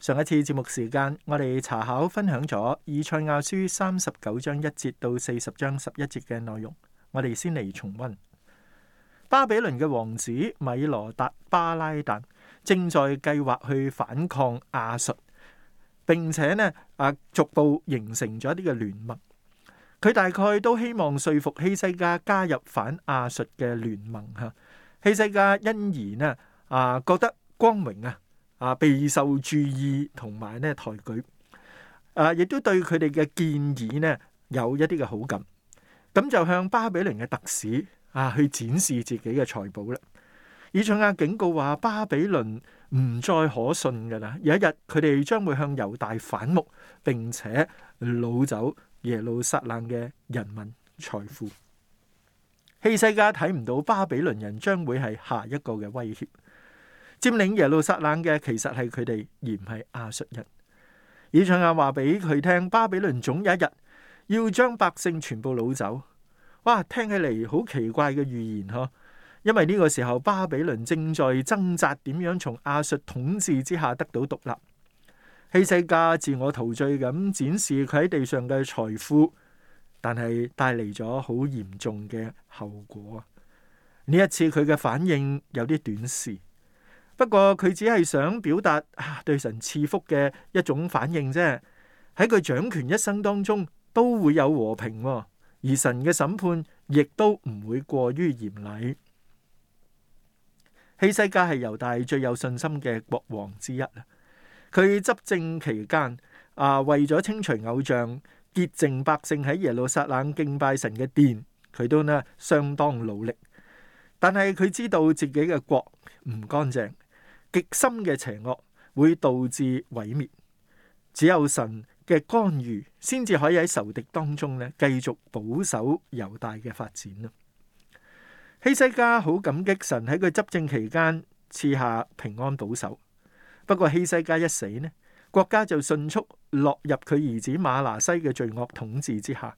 上一次節目時間，我哋查考分享咗以賽亞書三十九章一節到四十章十一節嘅內容，我哋先嚟重溫。巴比倫嘅王子米羅達巴拉旦正在計劃去反抗亞述，並且呢啊逐步形成咗一啲嘅聯盟。佢大概都希望說服希西家加入反亞述嘅聯盟吓，希西家因而呢啊覺得光榮啊，啊，備受注意同埋咧抬舉，啊，亦都對佢哋嘅建議咧有一啲嘅好感，咁就向巴比倫嘅特使啊去展示自己嘅財寶啦。以賽亞警告話巴比倫唔再可信㗎啦，有一日佢哋將會向猶大反目，並且擄走耶路撒冷嘅人民財富。希西家睇唔到巴比倫人將會係下一個嘅威脅。佔領耶路撒冷嘅其實係佢哋，而唔係亞述人。以賽亞話俾佢聽，巴比倫總有一日要將百姓全部擄走。哇，聽起嚟好奇怪嘅預言呵，因為呢個時候巴比倫正在掙扎點樣從亞述統治之下得到獨立。希西家自我陶醉咁展示佢喺地上嘅財富，但係帶嚟咗好嚴重嘅後果。呢一次佢嘅反應有啲短視。不過佢只係想表達、啊、對神賜福嘅一種反應啫。喺佢掌權一生當中都會有和平、哦，而神嘅審判亦都唔會過於嚴厲。希西家係猶大最有信心嘅國王之一。佢執政期間啊，為咗清除偶像、潔淨百姓喺耶路撒冷敬拜神嘅殿，佢都呢相當努力。但係佢知道自己嘅國唔乾淨。極深嘅邪惡會導致毀滅，只有神嘅干預先至可以喺仇敵當中咧繼續保守猶大嘅發展啦。希西家好感激神喺佢執政期間賜下平安保守。不過希西家一死呢，國家就迅速落入佢兒子馬拿西嘅罪惡統治之下。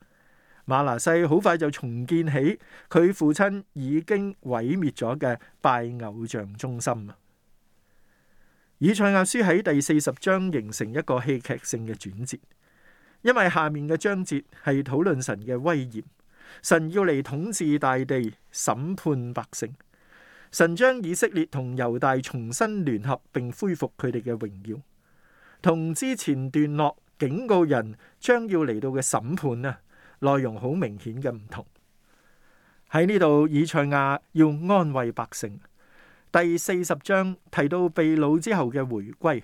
馬拿西好快就重建起佢父親已經毀滅咗嘅拜偶像中心。以賽亞書喺第四十章形成一個戲劇性嘅轉折，因為下面嘅章節係討論神嘅威嚴，神要嚟統治大地、審判百姓，神將以色列同猶大重新聯合並恢復佢哋嘅榮耀，同之前段落警告人將要嚟到嘅審判啊內容好明顯嘅唔同。喺呢度，以賽亞要安慰百姓。第四十章提到被擄之後嘅回歸，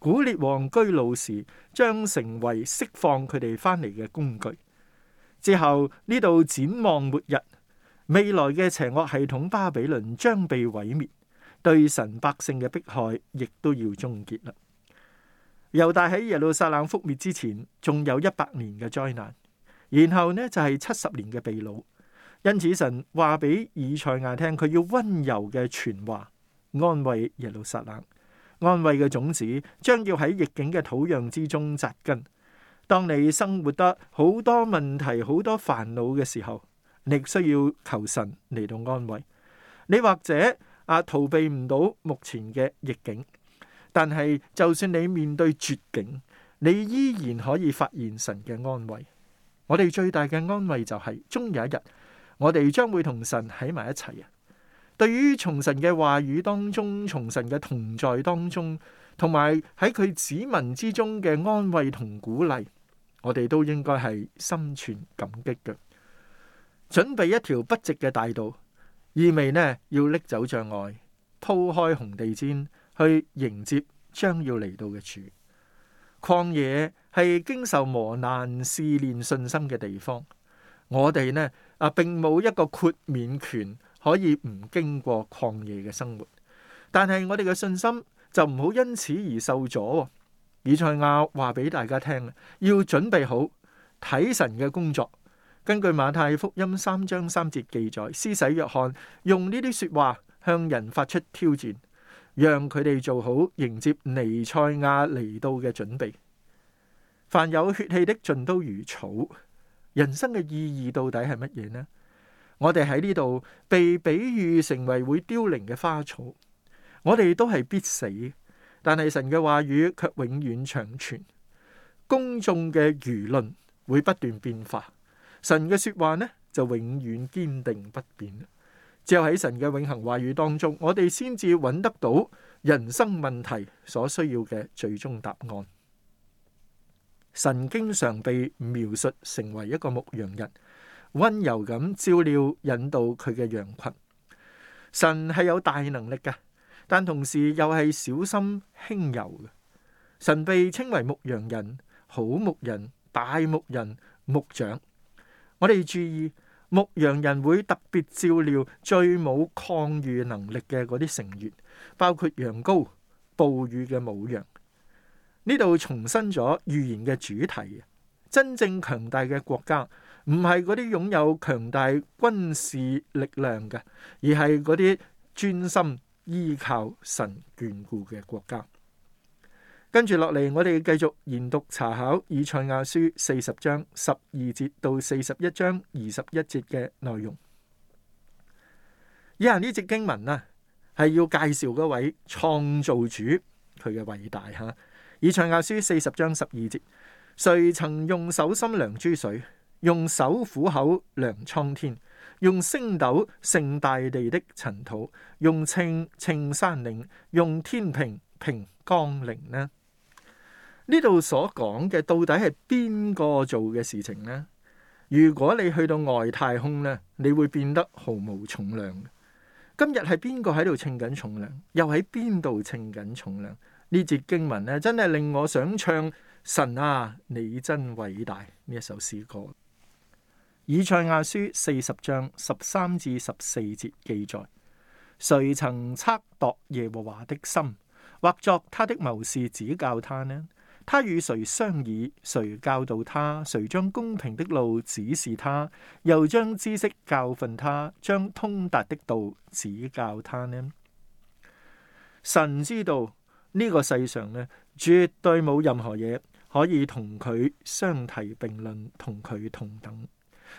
古列王居魯士將成為釋放佢哋翻嚟嘅工具。之後呢度展望末日，未來嘅邪惡系統巴比倫將被毀滅，對神百姓嘅迫害亦都要終結啦。猶大喺耶路撒冷覆滅之前，仲有一百年嘅災難，然後呢就係、是、七十年嘅被擄。因此，神話俾以賽亞聽，佢要温柔嘅傳話，安慰耶路撒冷。安慰嘅種子將要喺逆境嘅土壤之中紮根。當你生活得好多問題，好多煩惱嘅時候，你需要求神嚟到安慰。你或者啊逃避唔到目前嘅逆境，但係就算你面對絕境，你依然可以發現神嘅安慰。我哋最大嘅安慰就係終有一日。我哋將會同神喺埋一齊啊！對於從神嘅話語當中，從神嘅同在當中，同埋喺佢子民之中嘅安慰同鼓勵，我哋都應該係心存感激嘅。準備一條不直嘅大道，意味呢要拎走障礙，鋪開紅地毯，去迎接將要嚟到嘅主。曠野係經受磨難試煉信心嘅地方，我哋呢。啊，並冇一個豁免權可以唔經過曠野嘅生活，但係我哋嘅信心就唔好因此而受阻哦。以賽亞話俾大家聽，要準備好睇神嘅工作。根據馬太福音三章三節記載，施洗約翰用呢啲説話向人發出挑戰，讓佢哋做好迎接彌賽亞嚟到嘅準備。凡有血氣的，盡都如草。人生嘅意義到底係乜嘢呢？我哋喺呢度被比喻成為會凋零嘅花草，我哋都係必死，但係神嘅話語卻永遠長存。公眾嘅輿論會不斷變化，神嘅說話呢就永遠堅定不變。只有喺神嘅永恒話語當中，我哋先至揾得到人生問題所需要嘅最終答案。神經常被描述成為一個牧羊人，温柔咁照料引導佢嘅羊群。神係有大能力嘅，但同時又係小心輕柔嘅。神被稱為牧羊人、好牧人、大牧人、牧長。我哋注意，牧羊人會特別照料最冇抗御能力嘅嗰啲成員，包括羊羔、暴雨嘅母羊。呢度重申咗預言嘅主題，真正強大嘅國家唔係嗰啲擁有強大軍事力量嘅，而係嗰啲專心依靠神眷顧嘅國家。跟住落嚟，我哋繼續研讀查考以賽亞書四十章十二節到四十一章二十一節嘅內容。以下呢隻經文啊，係要介紹嗰位創造主，佢嘅偉大嚇。以賽亞書四十章十二節，誰曾用手心量諸水，用手虎口量蒼天，用升斗盛大地的塵土，用秤稱山嶺，用天平平岡陵呢？呢度所講嘅到底係邊個做嘅事情呢？如果你去到外太空呢，你會變得毫無重量。今日係邊個喺度稱緊重量？又喺邊度稱緊重量？呢節經文咧，真係令我想唱神啊，你真偉大呢一首詩歌。以賽亞書四十章十三至十四節記載：誰曾測度耶和華的心，或作他的謀士，指教他呢？他與誰商議，誰教導他，誰將公平的路指示他，又將知識教訓他，將通達的道指教他呢？神知道。呢個世上咧，絕對冇任何嘢可以同佢相提並論，同佢同等，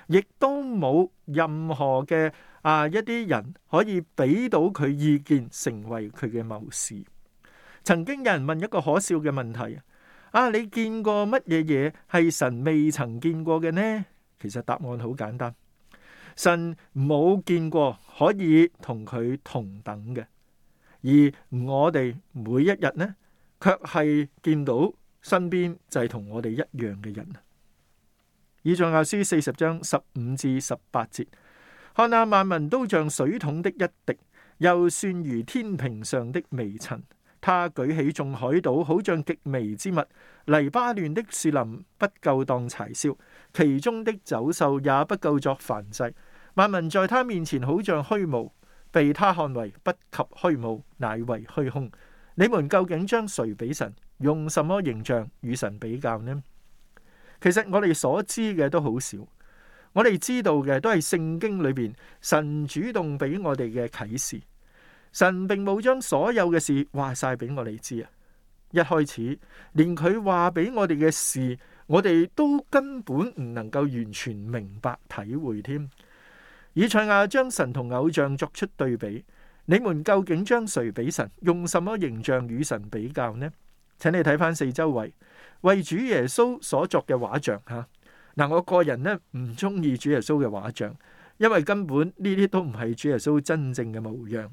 亦都冇任何嘅啊一啲人可以俾到佢意見，成為佢嘅謀士。曾經有人問一個可笑嘅問題：啊，你見過乜嘢嘢係神未曾見過嘅呢？其實答案好簡單，神冇見過可以同佢同等嘅。而我哋每一日呢，卻係見到身邊就係同我哋一樣嘅人。以賽亞書四十章十五至十八節：看那萬民都像水桶的一滴，又算如天平上的微塵。他舉起眾海島，好像極微之物；黎巴嫩的樹林，不夠當柴燒；其中的走獸，也不夠作燔祭。萬民在他面前，好像虛無。被他看為不及虛無，乃為虛空。你們究竟將誰比神？用什麼形象與神比較呢？其實我哋所知嘅都好少，我哋知道嘅都係聖經裏面神主動俾我哋嘅啟示。神並冇將所有嘅事話晒俾我哋知啊！一開始連佢話俾我哋嘅事，我哋都根本唔能夠完全明白體會添。以賽亞將神同偶像作出對比，你們究竟將誰比神？用什麼形象與神比較呢？請你睇翻四周圍為主耶穌所作嘅畫像吓。嗱，我個人呢唔中意主耶穌嘅畫像，因為根本呢啲都唔係主耶穌真正嘅模樣。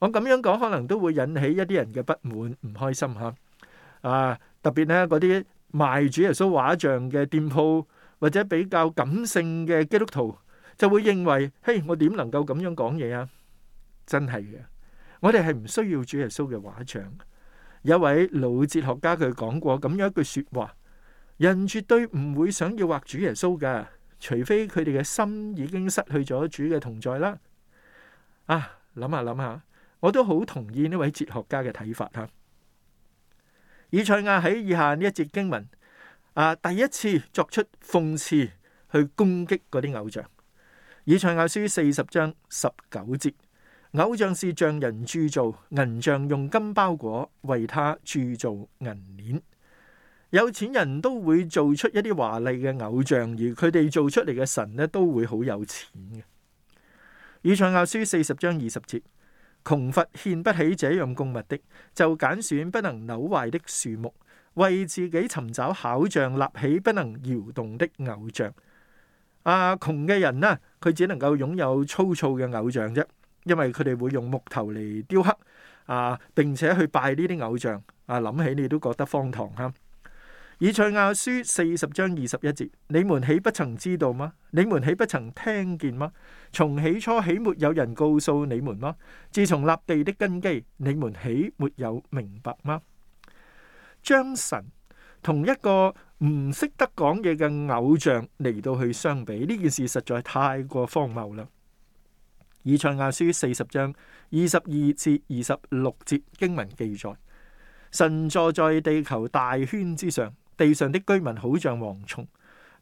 我咁樣講可能都會引起一啲人嘅不滿、唔開心吓。啊，特別呢嗰啲賣主耶穌畫像嘅店鋪，或者比較感性嘅基督徒，就會認為，嘿，我點能夠咁樣講嘢啊？真係嘅，我哋係唔需要主耶穌嘅畫像。有位老哲學家佢講過咁樣一句說話：人絕對唔會想要畫主耶穌噶，除非佢哋嘅心已經失去咗主嘅同在啦。啊，諗下諗下，我都好同意呢位哲學家嘅睇法吓。以賽亞喺以下呢一節經文啊，第一次作出諷刺去攻擊嗰啲偶像。以賽亞書四十章十九節，偶像是匠人鑄造，銀匠用金包裹為他鑄造銀鏈。有錢人都會做出一啲華麗嘅偶像，而佢哋做出嚟嘅神呢，都會好有錢嘅。以賽亞書四十章二十節，窮乏獻不起這樣供物的，就揀選不能扭壞的樹木，為自己尋找巧匠立起不能搖動的偶像。啊，窮嘅人啦，啊，佢只能夠擁有粗糙嘅偶像啫，因為佢哋會用木頭嚟雕刻啊，並且去拜呢啲偶像啊，諗起你都覺得荒唐哈。以賽亞書四十章二十一節，你們豈不曾知道嗎？你們豈不曾聽見嗎？從起初豈沒有人告訴你們嗎？自從立地的根基，你們豈沒有明白嗎？將神。同一個唔識得講嘢嘅偶像嚟到去相比，呢件事實在太過荒謬啦！以賽亞書四十章二十二至二十六節經文記載：神坐在地球大圈之上，地上的居民好像蝗蟲；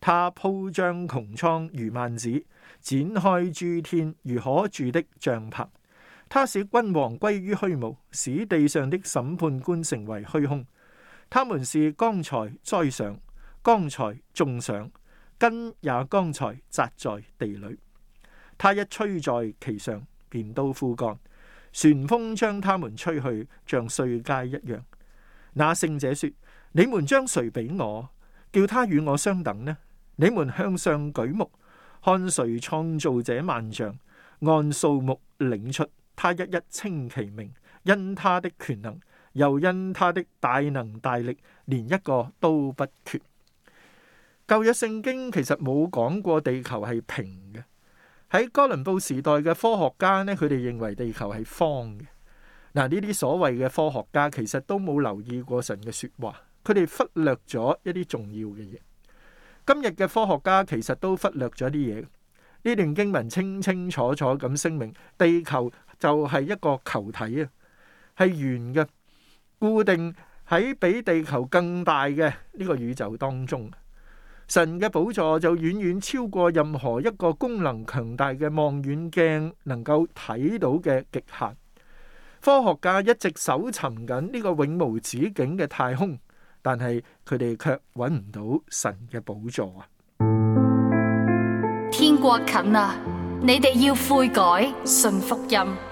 他鋪張穹蒼如幔子，展開諸天如可住的帳篷。他使君王歸於虛無，使地上的審判官成為虛空。他們是剛才栽上，剛才種上，根也剛才扎在地裏。他一吹在其上，便都枯乾。旋風將他們吹去，像碎秸一樣。那聖者說：你們將誰比我，叫他與我相等呢？你們向上舉目，看誰創造這萬象按數目領出，他一一稱其名，因他的權能。又因他的大能大力，連一個都不缺。舊約聖經其實冇講過地球係平嘅，喺哥倫布時代嘅科學家呢，佢哋認為地球係方嘅。嗱，呢啲所謂嘅科學家其實都冇留意過神嘅說話，佢哋忽略咗一啲重要嘅嘢。今日嘅科學家其實都忽略咗啲嘢。呢段經文清清楚楚咁聲明，地球就係一個球體啊，係圓嘅。固定喺比地球更大嘅呢個宇宙當中，神嘅寶座就遠遠超過任何一個功能強大嘅望遠鏡能夠睇到嘅極限。科學家一直搜尋緊呢個永無止境嘅太空，但係佢哋卻揾唔到神嘅寶座啊！天國近啊，你哋要悔改，信福音。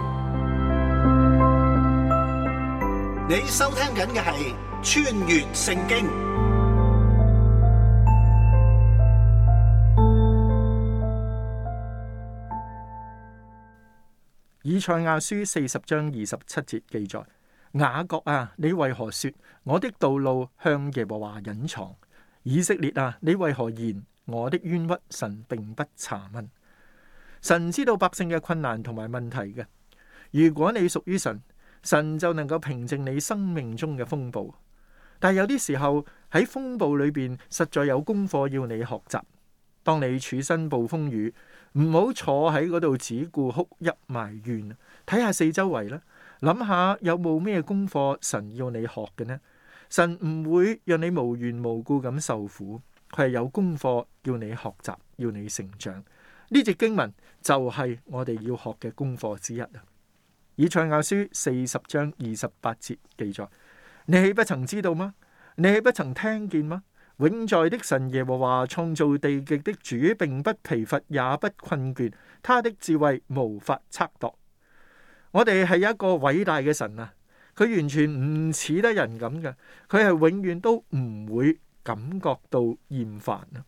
你收聽緊嘅係穿越聖經。以賽亞書四十章二十七節記載：雅各啊，你為何說我的道路向耶和華隱藏？以色列啊，你為何言我的冤屈，神並不查問？神知道百姓嘅困難同埋問題嘅。如果你屬於神。神就能夠平靜你生命中嘅風暴，但有啲時候喺風暴裏邊，實在有功課要你學習。當你處身暴風雨，唔好坐喺嗰度只顧哭泣埋怨，睇下四周圍啦，諗下有冇咩功課神要你學嘅呢？神唔會讓你無緣無故咁受苦，佢係有功課要你學習，要你成長。呢節經文就係我哋要學嘅功課之一。以賽亞書四十章二十八節記載：你豈不曾知道嗎？你豈不曾聽見嗎？永在的神耶和華創造地極的主，並不疲乏也不困倦，他的智慧無法測度。我哋係一個偉大嘅神啊！佢完全唔似得人咁嘅，佢係永遠都唔會感覺到厭煩啊！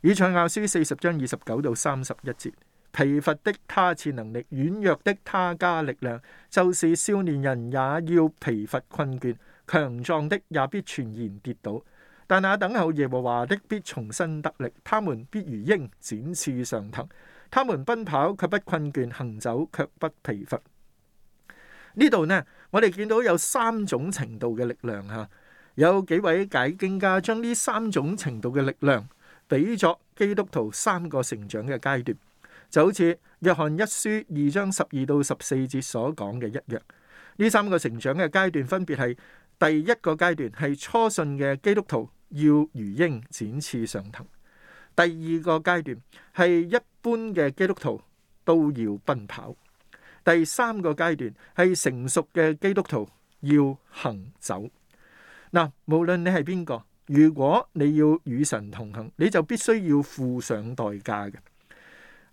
以賽亞書四十章二十九到三十一節。疲乏的他，次能力軟弱的他，加力量，就是少年人也要疲乏困倦，強壯的也必全然跌倒。但那等候耶和華的必重新得力，他們必如鷹展翅上騰，他們奔跑却不困倦，行走却不疲乏。呢度呢，我哋見到有三種程度嘅力量吓，有幾位解經家將呢三種程度嘅力量比作基督徒三個成長嘅階段。就好似約翰一書二章十二到十四節所講嘅一樣，呢三個成長嘅階段分別係，第一個階段係初信嘅基督徒要如鷹展翅上騰，第二個階段係一般嘅基督徒都要奔跑，第三個階段係成熟嘅基督徒要行走。嗱，無論你係邊個，如果你要與神同行，你就必須要付上代價嘅。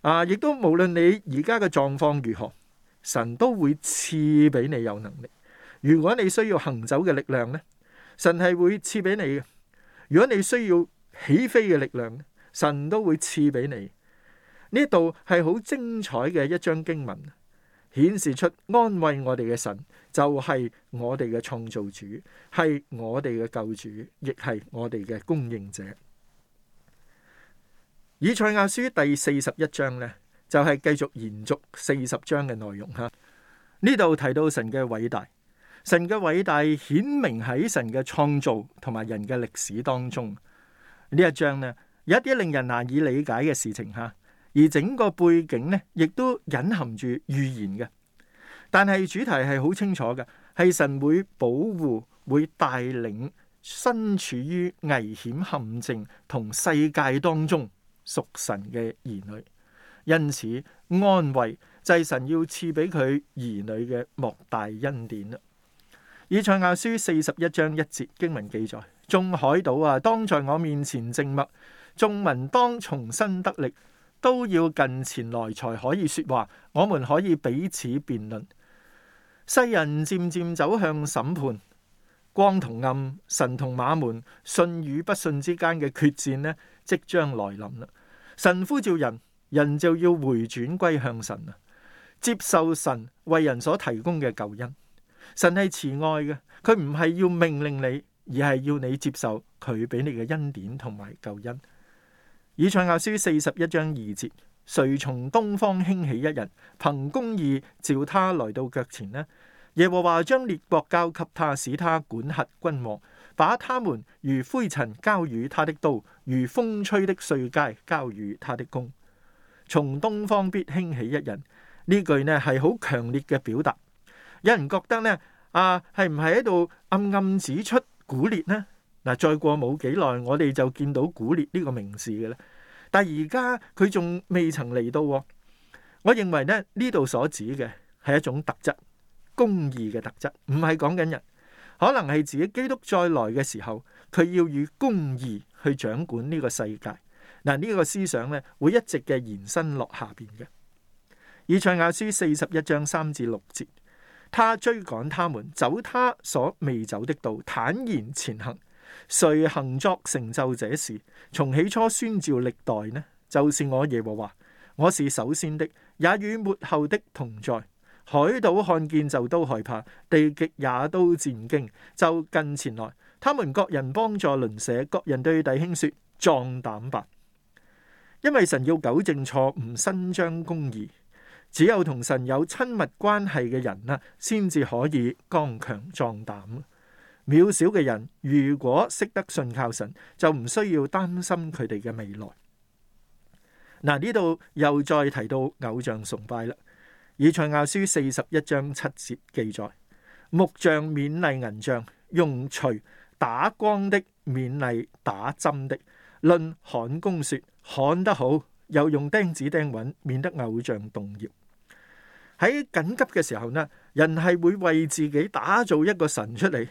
啊！亦都無論你而家嘅狀況如何，神都會賜俾你有能力。如果你需要行走嘅力量咧，神係會賜俾你；如果你需要起飛嘅力量，神都會賜俾你。呢度係好精彩嘅一張經文，顯示出安慰我哋嘅神就係我哋嘅創造主，係我哋嘅救主，亦係我哋嘅供應者。以賽亞書第四十一章呢，就係繼續延續四十章嘅內容。吓，呢度提到神嘅偉大，神嘅偉大顯明喺神嘅創造同埋人嘅歷史當中。呢一章呢，有一啲令人難以理解嘅事情吓，而整個背景呢，亦都隱含住預言嘅。但係主題係好清楚嘅，係神會保護，會帶領身處於危險陷阱同世界當中，屬神嘅兒女，因此安慰祭，神要賜俾佢兒女嘅莫大恩典。以賽亞書四十一章一節經文記載：眾海島啊，當在我面前靜默；眾民當重新得力，都要近前來才可以說話。我們可以彼此辯論。世人漸漸走向審判，光同暗，神同馬門，信與不信之間嘅決戰呢，即將來臨啦！神呼召人，人就要回轉歸向神啊！接受神為人所提供嘅救恩。神係慈愛嘅，佢唔係要命令你，而係要你接受佢俾你嘅恩典同埋救恩。以賽亞書四十一章二節：誰從東方興起一人，憑公義召他來到腳前呢？耶和華將列國交給他，使他管轄君王。把他們如灰塵交與他的刀，如風吹的碎稭交與他的弓。從東方必興起一人，呢句呢係好強烈嘅表達。有人覺得呢啊係唔係喺度暗暗指出古列呢？嗱，再過冇幾耐，我哋就見到古列呢個名字嘅啦。但而家佢仲未曾嚟到。我認為呢呢度所指嘅係一種特質，公義嘅特質，唔係講緊人。可能係自己基督再來嘅時候，佢要以公義去掌管呢個世界。嗱，呢個思想呢會一直嘅延伸落下邊嘅。以賽亞書四十一章三至六節，他追趕他們，走他所未走的道，坦然前行。誰行作成就這事？從起初宣召歷代呢，就是我耶和華，我是首先的，也與末後的同在。海島看見就都害怕，地極也都戰驚，就近前來。他們各人幫助鄰舍，各人對弟兄說：壯膽吧，因為神要糾正錯誤，伸張公義。只有同神有親密關係嘅人啦，先至可以剛強壯膽。渺小嘅人如果識得信靠神，就唔需要擔心佢哋嘅未來。嗱、啊，呢度又再提到偶像崇拜啦。以賽亞書四十一章七節記載：木匠勉勵銀匠用錘打光的，勉勵打針的。論焊工說焊得好，又用釘子釘穩，免得偶像動搖。喺緊急嘅時候呢，人係會為自己打造一個神出嚟。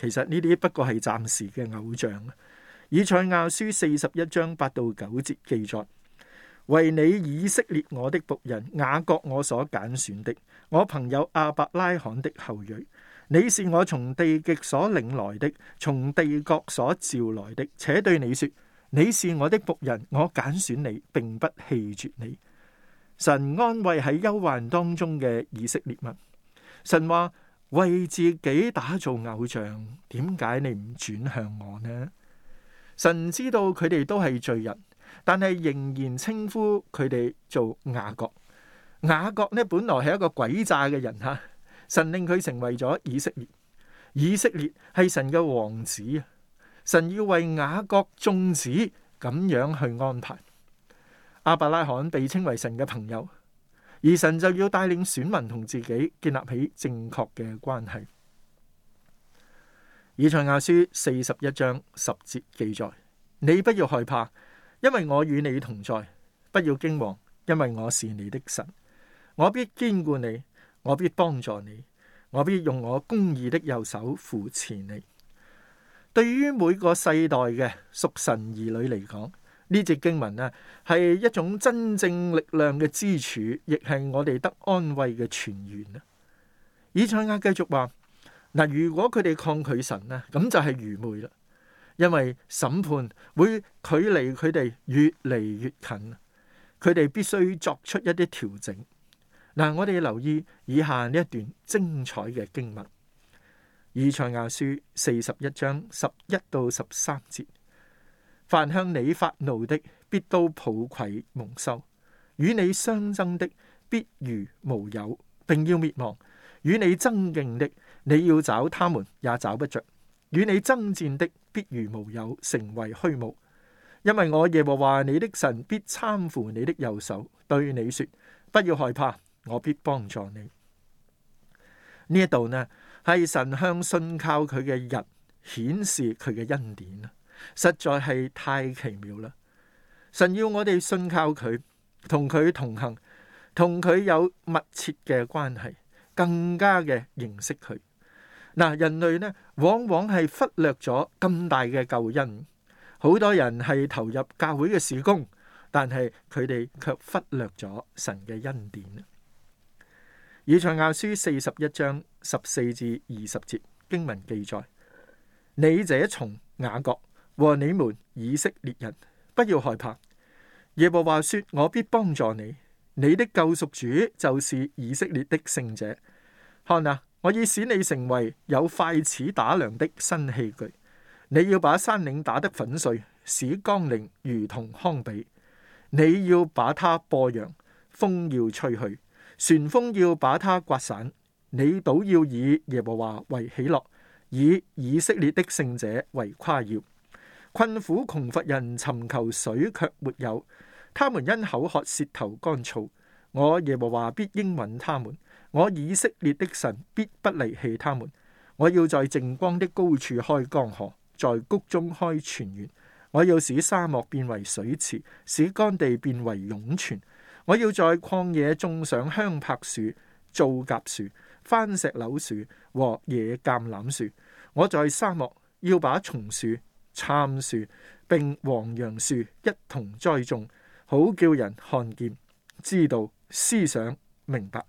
其實呢啲不過係暫時嘅偶像。以賽亞書四十一章八到九節記載。為你，以色列，我的僕人，雅各我所揀選的，我朋友亞伯拉罕的後裔，你是我從地極所領來的，從地國所召來的，且對你說，你是我的僕人，我揀選你，並不棄絕你。神安慰喺憂患當中嘅以色列民，神話為自己打造偶像，點解你唔轉向我呢？神知道佢哋都係罪人。但係仍然稱呼佢哋做雅各。雅各呢，本來係一個詭詐嘅人吓。神令佢成為咗以色列。以色列係神嘅王子，神要為雅各眾子咁樣去安排。亞伯拉罕被稱為神嘅朋友，而神就要帶領選民同自己建立起正確嘅關係。以賽亞書四十一章十節記載：你不要害怕。因為我與你同在，不要驚惶，因為我是你的神，我必堅固你，我必幫助你，我必用我公義的右手扶持你。對於每個世代嘅屬神兒女嚟講，呢節經文呢係一種真正力量嘅支柱，亦係我哋得安慰嘅泉源啦。以賽亞繼續話：嗱，如果佢哋抗拒神呢，咁就係愚昧啦。因為審判會距離佢哋越嚟越近，佢哋必須作出一啲調整。嗱，我哋留意以下呢一段精彩嘅經文：《以賽亞書》四十一章十一到十三節。凡向你發怒的，必都抱愧蒙羞；與你相爭的，必如無有，並要滅亡；與你爭競的，你要找他們也找不着；與你爭戰的，必如無有，成為虛無。因為我耶和華你的神必攙扶你的右手，對你說：不要害怕，我必幫助你。呢一度呢係神向信靠佢嘅人顯示佢嘅恩典啦，實在係太奇妙啦！神要我哋信靠佢，同佢同行，同佢有密切嘅關係，更加嘅認識佢。嗱，人類呢，往往係忽略咗咁大嘅救恩。好多人係投入教會嘅事工，但係佢哋卻忽略咗神嘅恩典。以賽亞書四十一章十四至二十節經文記載：你這從雅各和你們以色列人，不要害怕。耶和華說：我必幫助你，你的救贖主就是以色列的聖者。看啊！我已使你成為有快齒打糧的新器具，你要把山嶺打得粉碎，使江陵如同康比。你要把它播揚，風要吹去，旋風要把它刮散。你倒要以耶和華為喜樂，以以色列的聖者為誇耀。困苦窮乏人尋求水卻沒有，他們因口渴舌頭乾燥，我耶和華必應允他們。我以色列的神必不離棄他們。我要在靜光的高處開江河，在谷中開泉源。我要使沙漠變為水池，使乾地變為湧泉。我要在曠野種上香柏樹、皂莢樹、番石榴樹和野橄欖樹。我在沙漠要把松樹、杉樹並黃楊樹一同栽種，好叫人看見、知道、思想、明白。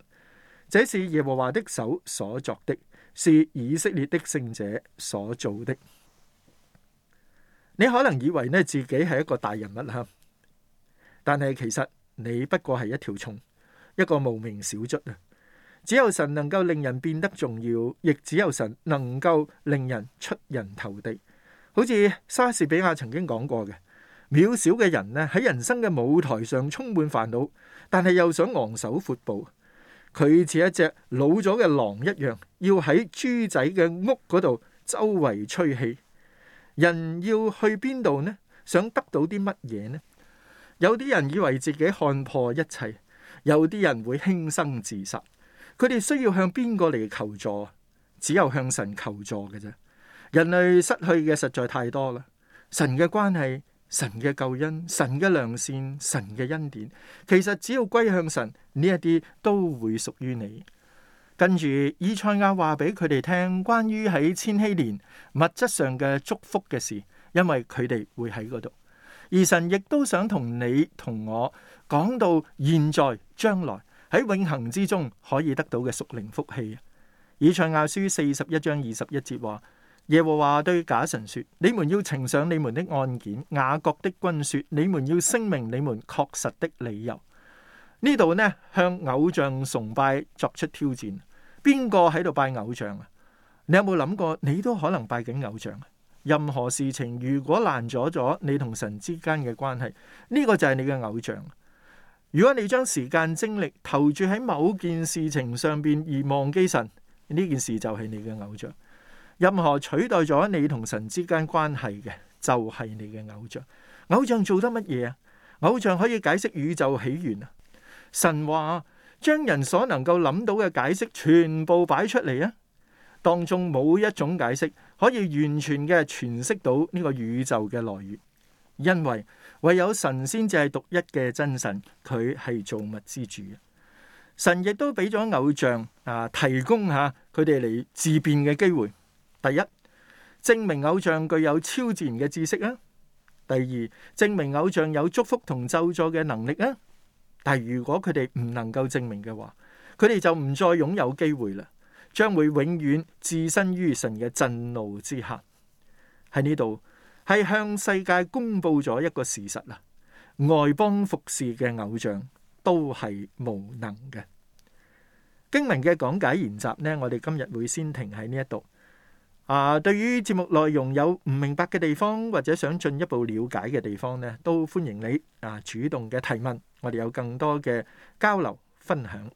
這是耶和華的手所作的，是以色列的聖者所做的。你可能以為呢自己係一個大人物哈，但係其實你不過係一條蟲，一個無名小卒啊！只有神能夠令人變得重要，亦只有神能夠令人出人頭地。好似莎士比亞曾經講過嘅：渺小嘅人呢喺人生嘅舞台上充滿煩惱，但係又想昂首闊步。佢似一隻老咗嘅狼一樣，要喺豬仔嘅屋嗰度周圍吹氣。人要去邊度呢？想得到啲乜嘢呢？有啲人以為自己看破一切，有啲人會輕生自殺。佢哋需要向邊個嚟求助？只有向神求助嘅啫。人類失去嘅實在太多啦。神嘅關係。神嘅救恩、神嘅良善、神嘅恩典，其實只要歸向神，呢一啲都會屬於你。跟住以賽亞話俾佢哋聽關於喺千禧年物質上嘅祝福嘅事，因為佢哋會喺嗰度。而神亦都想同你同我講到現在、將來喺永恒之中可以得到嘅屬靈福氣。以賽亞書四十一章二十一節話。耶和華對假神說：你們要呈上你們的案件。雅各的君說：你們要聲明你們確實的理由。呢度呢，向偶像崇拜作出挑戰。邊個喺度拜偶像啊？你有冇諗過？你都可能拜緊偶像。任何事情如果攔阻咗咗你同神之間嘅關係，呢個就係你嘅偶像。如果你將時間精力投注喺某件事情上面而忘記神，呢件事就係你嘅偶像。任何取代咗你同神之間關係嘅，就係你嘅偶像。偶像做得乜嘢啊？偶像可以解釋宇宙起源啊。神話將人所能夠諗到嘅解釋全部擺出嚟啊，當中冇一種解釋可以完全嘅詮釋到呢個宇宙嘅來源，因為唯有神先至係獨一嘅真神，佢係造物之主。神亦都俾咗偶像啊，提供下佢哋嚟自辯嘅機會。第一，證明偶像具有超自然嘅知識啊；第二，證明偶像有祝福同救助嘅能力啊。但係如果佢哋唔能夠證明嘅話，佢哋就唔再擁有機會啦，將會永遠置身於神嘅震怒之下。喺呢度係向世界公布咗一個事實啦：外邦服侍嘅偶像都係無能嘅。經文嘅講解研習呢，我哋今日會先停喺呢一度。啊！對於節目內容有唔明白嘅地方，或者想進一步瞭解嘅地方呢，都歡迎你啊主動嘅提問，我哋有更多嘅交流分享。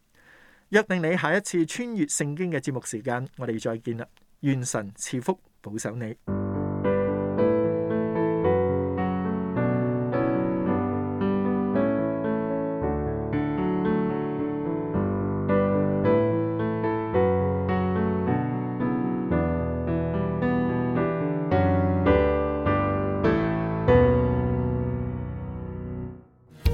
約定你下一次穿越聖經嘅節目時間，我哋再見啦！願神賜福保守你。